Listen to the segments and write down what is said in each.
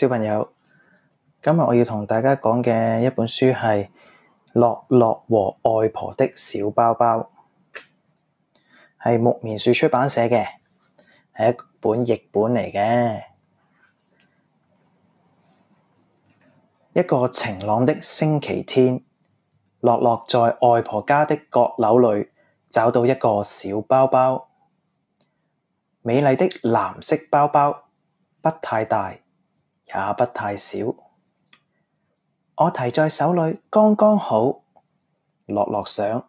小朋友，今日我要同大家講嘅一本書係《洛洛和外婆的小包包》，係木棉樹出版社嘅，係一本譯本嚟嘅。一個晴朗的星期天，洛洛在外婆家的閣樓裏找到一個小包包，美麗的藍色包包，不太大。也不太小，我提在手裏剛剛好。洛洛想，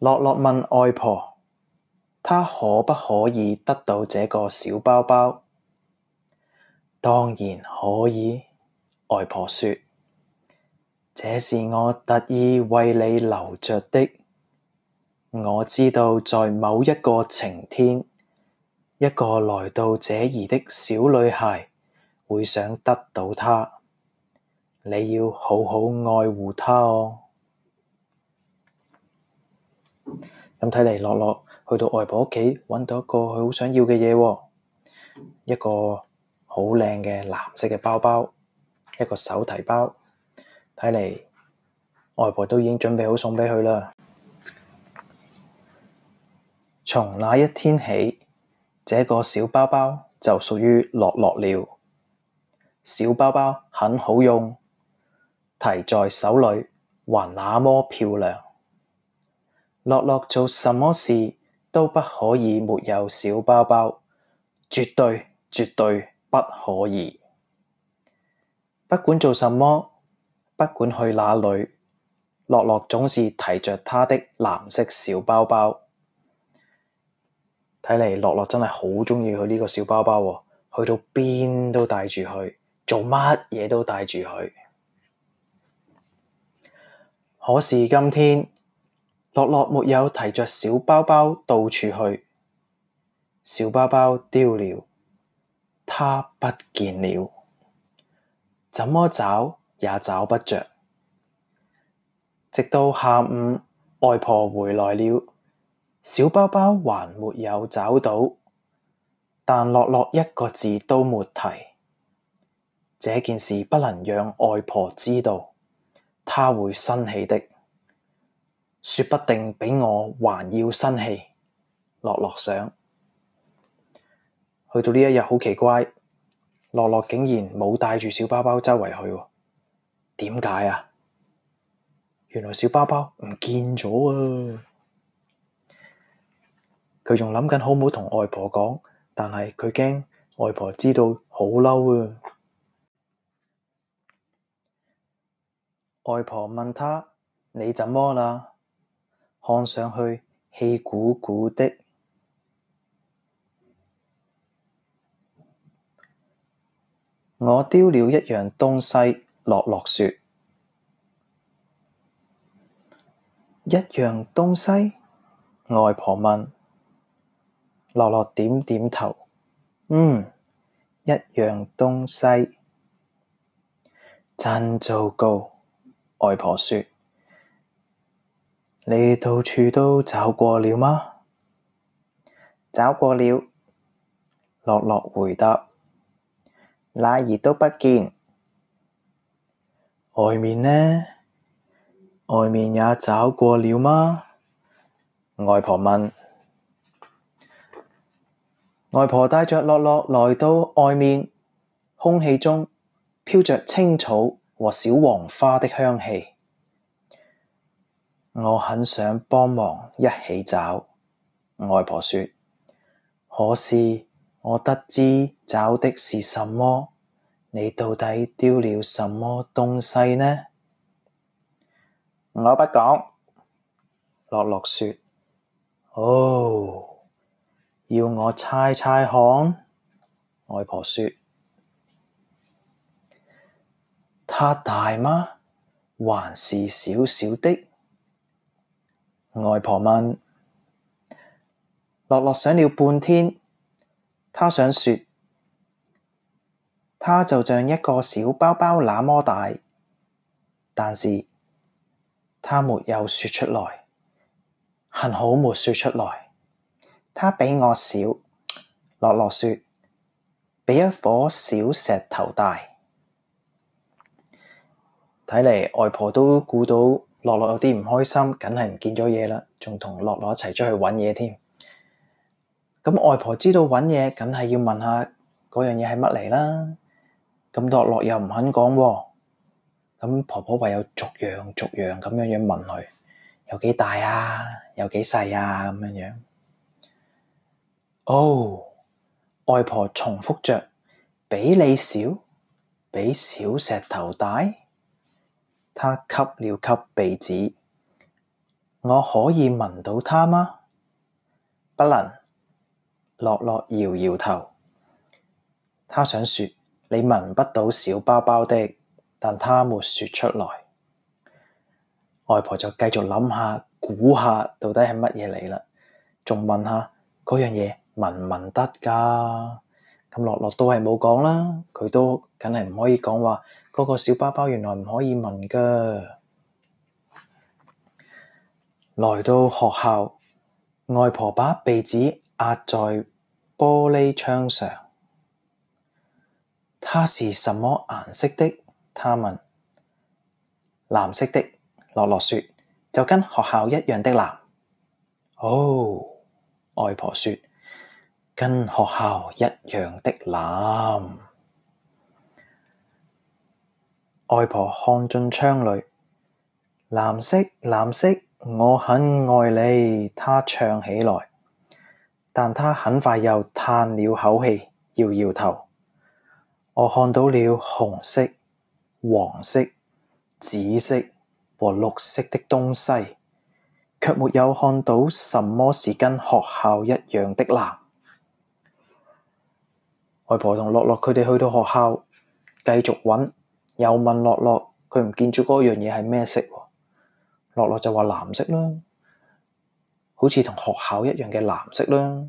洛洛問外婆，她可不可以得到這個小包包？當然可以，外婆說，這是我特意為你留着的。我知道在某一個晴天，一個來到這兒的小女孩會想得到她，你要好好愛護她哦。咁睇嚟，洛洛去到外婆屋企，搵到一個佢好想要嘅嘢，哦，一個好靚嘅藍色嘅包包，一個手提包。睇嚟，外婆都已經準備好送俾佢啦。從那一天起。這個小包包就屬於洛洛了。小包包很好用，提在手裏還那麼漂亮。洛洛做什麼事都不可以沒有小包包，絕對絕對不可以。不管做什麼，不管去哪裏，洛洛總是提着他的藍色小包包。睇嚟，洛洛真係好鍾意佢呢個小包包喎，去到邊都帶住佢，做乜嘢都帶住佢。可是今天，洛洛沒有提着小包包到處去，小包包丟了，它不見了，怎麼找也找不着。直到下午，外婆回來了。小包包還沒有找到，但洛洛一個字都沒提。這件事不能讓外婆知道，她會生氣的，說不定比我還要生氣。洛洛想。去到呢一日好奇怪，洛洛竟然冇帶住小包包周圍去，點解啊？原來小包包唔見咗啊！佢仲諗緊好唔好同外婆講，但係佢驚外婆知道好嬲。啊。外婆問他：你怎麼啦？看上去氣鼓鼓的。我丟了一樣東西，洛洛說。一樣東西？外婆問。洛洛點點頭，嗯，一樣東西。真糟糕，外婆說。你到處都找過了嗎？找過了，洛洛回答。哪兒都不見。外面呢？外面也找過了嗎？外婆問。外婆帶着洛洛來到外面，空氣中飄着青草和小黃花的香氣。我很想幫忙一起找，外婆說。可是我不知找的是什麼，你到底丟了什麼東西呢？我不講，洛洛說。哦。要我猜猜看，外婆說：他大嗎？還是小小的？外婆問。洛洛想了半天，他想說：他就像一個小包包那麼大，但是他沒有說出來，幸好沒說出來。他比我少。樂樂說，比一顆小石頭大。睇嚟外婆都估到樂樂有啲唔開心，梗係唔見咗嘢啦，仲同樂樂一齊出去揾嘢添。咁外婆知道揾嘢，梗係要問下嗰樣嘢係乜嚟啦。咁樂樂又唔肯講，咁婆婆唯有逐樣逐樣咁樣樣問佢，有幾大啊？有幾細啊？咁樣樣。哦，oh，外婆重複着，比你小，比小石頭大。她吸了吸鼻子，我可以聞到它嗎？不能，洛洛搖搖頭。她想說你聞不到小包包的，但她沒說出來。外婆就繼續諗下，估下到底係乜嘢嚟啦，仲問下嗰樣嘢。聞唔聞得㗎？咁洛洛都係冇講啦。佢都梗係唔可以講話嗰個小包包原來唔可以聞噶。來到學校，外婆把鼻子壓在玻璃窗上。它是什麼顏色的？他問。藍色的，洛洛説，就跟學校一樣的藍。哦，外婆説。跟學校一樣的藍，外婆看進窗裏，藍色，藍色，我很愛你。她唱起來，但她很快又嘆了口氣，搖搖頭。我看到了紅色、黃色、紫色和綠色的東西，卻沒有看到什麼是跟學校一樣的藍。外婆同洛洛佢哋去到學校，繼續揾，又問洛洛，佢唔見住嗰樣嘢係咩色？洛洛就話藍色啦，好似同學校一樣嘅藍色啦。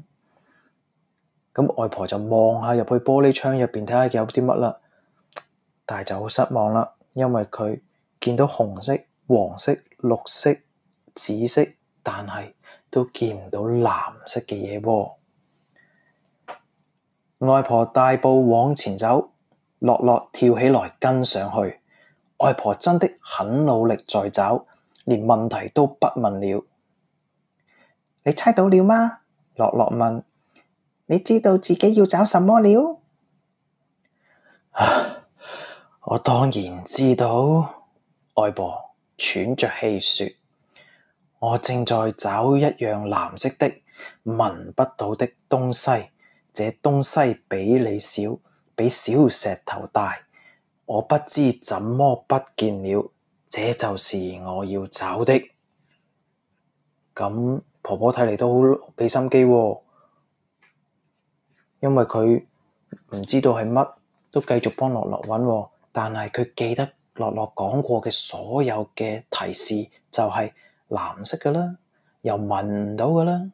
咁外婆就望下入去玻璃窗入邊睇下有啲乜啦，但係就好失望啦，因為佢見到紅色、黃色、綠色、紫色，但係都見唔到藍色嘅嘢。外婆大步往前走，洛洛跳起來跟上去。外婆真的很努力在找，連問題都不問了。你猜到了嗎？洛洛問。你知道自己要找什麼了？啊，我當然知道，外婆喘着氣說，我正在找一樣藍色的、聞不到的東西。這東西比你小，比小石頭大，我不知怎麼不見了，這就是我要找的。咁婆婆睇嚟都好俾心機喎，因為佢唔知道係乜，都繼續幫樂樂揾喎，但係佢記得樂樂講過嘅所有嘅提示，就係、是、藍色噶啦，又聞到噶啦。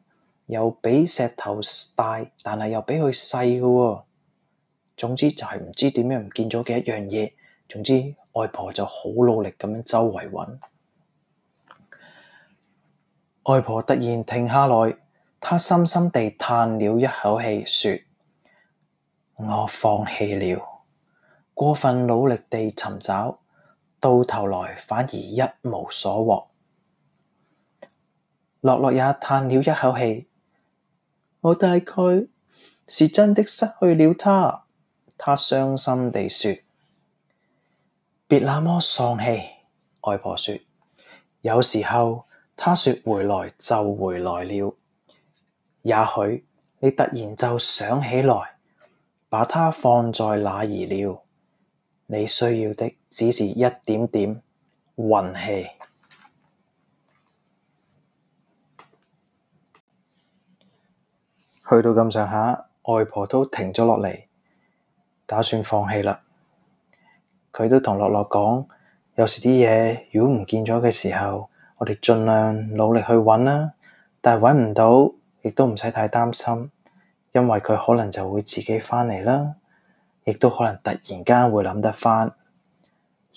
又比石頭大，但係又比佢細噶。總之就係唔知點樣唔見咗嘅一樣嘢。總之外婆就好努力咁樣周圍揾，外婆突然停下來，她深深地嘆了一口氣，說，我放棄了，過分努力地尋找，到頭來反而一無所獲。洛洛也嘆了一口氣。我大概是真的失去了他，他傷心地說：別那麼喪氣。外婆說：有時候他說回來就回來了，也許你突然就想起來，把他放在哪兒了。你需要的只是一點點運氣。去到咁上下，外婆都停咗落嚟，打算放棄啦。佢都同洛洛講，有時啲嘢，如果唔見咗嘅時候，我哋盡量努力去揾啦。但係揾唔到，亦都唔使太擔心，因為佢可能就會自己翻嚟啦，亦都可能突然間會諗得翻。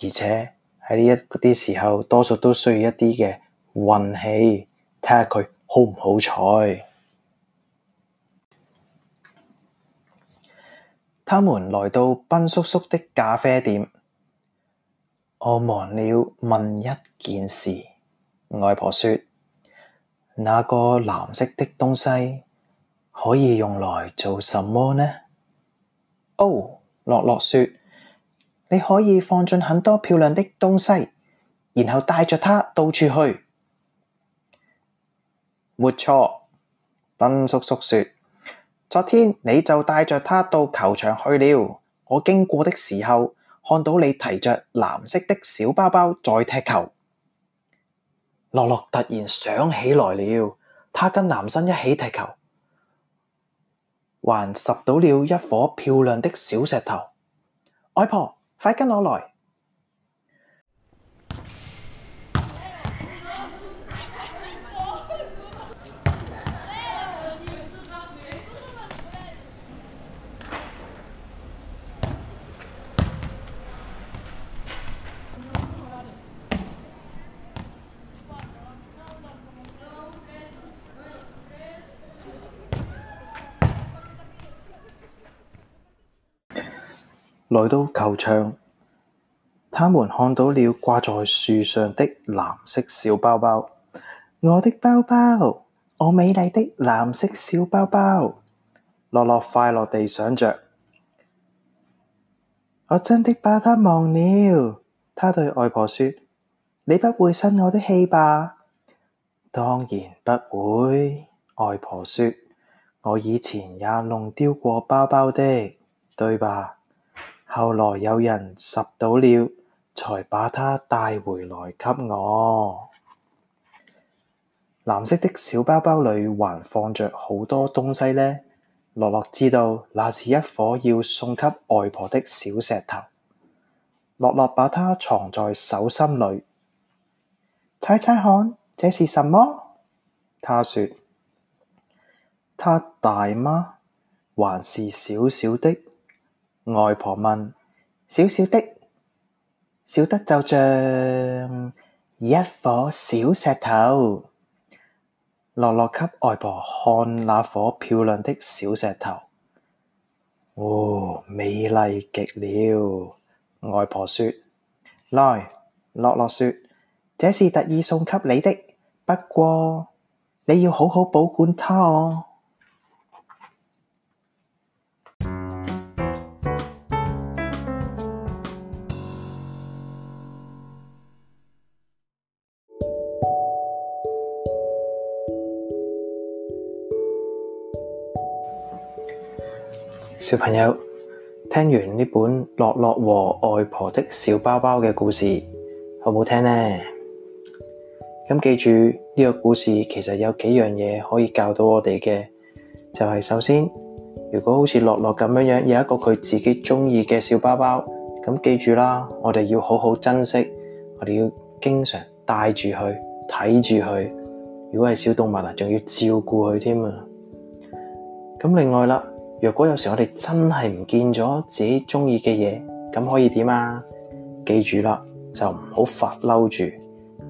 而且喺呢一啲時候，多數都需要一啲嘅運氣，睇下佢好唔好彩。他們來到斌叔叔的咖啡店。我忘了問一件事，外婆說：那個藍色的東西可以用來做什麼呢？哦，洛洛說：你可以放進很多漂亮的東西，然後帶着它到處去。沒錯，斌叔叔說。昨天你就帶着他到球場去了。我經過的時候，看到你提着藍色的小包包在踢球。洛洛突然想起來了，他跟男生一起踢球，還拾到了一顆漂亮的小石頭。外婆，快跟我來！來到球場，他們看到了掛在樹上的藍色小包包。我的包包，我美麗的藍色小包包。洛洛快樂地想着，我真的把它忘了。他對外婆說：你不會生我的氣吧？當然不會。外婆說：我以前也弄丟過包包的，對吧？後來有人拾到了，才把它帶回來給我。藍色的小包包裏還放着好多東西呢。樂樂知道那是一顆要送給外婆的小石頭。樂樂把它藏在手心裏，猜猜看這是什麼？他說：它大嗎？還是小小的？外婆問：小小的，小得就像一顆小石頭。洛洛給外婆看那顆漂亮的小石頭。哦，美麗極了！外婆說：來，洛洛說，這是特意送給你的。不過，你要好好保管它哦。小朋友，聽完呢本《樂樂和外婆的小包包》嘅故事，好唔好聽呢？咁記住，呢個故事其實有幾樣嘢可以教到我哋嘅，就係首先，如果好似樂樂咁樣樣有一個佢自己中意嘅小包包，咁記住啦，我哋要好好珍惜，我哋要經常帶住佢睇住佢。如果係小動物啊，仲要照顧佢添啊。咁另外啦。若果有時候我哋真係唔見咗自己中意嘅嘢，咁可以點啊？記住啦，就唔好發嬲住。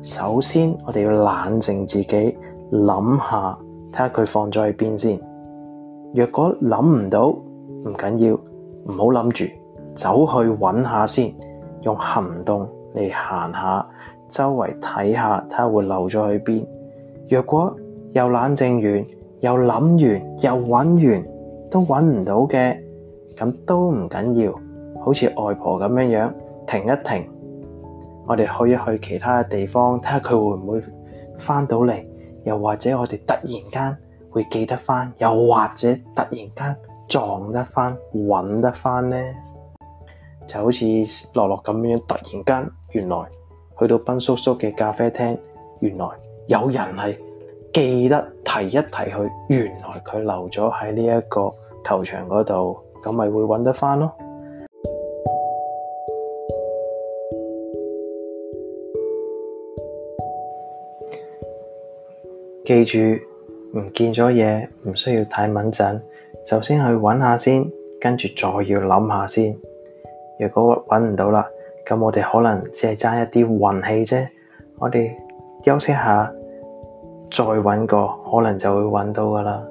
首先，我哋要冷靜自己，諗下睇下佢放咗去邊先。若果諗唔到，唔緊要，唔好諗住，走去搵下先，用行動嚟行下周圍睇下，睇下會留咗去邊。若果又冷靜完，又諗完，又搵完。都揾唔到嘅，咁都唔緊要。好似外婆咁樣樣，停一停，我哋可以去其他嘅地方睇下佢會唔會返到嚟，又或者我哋突然間會記得返，又或者突然間撞得返、揾得返呢，就好似洛洛咁樣，突然間，原來去到斌叔叔嘅咖啡廳，原來有人係。記得提一提佢，原來佢留咗喺呢一個球場嗰度，咁咪會揾得返咯。 記住，唔見咗嘢，唔需要太緊張，首先去揾下先，跟住再要諗下先。如果揾唔到啦，咁我哋可能只係爭一啲運氣啫。我哋休息一下。再揾個，可能就會揾到噶啦。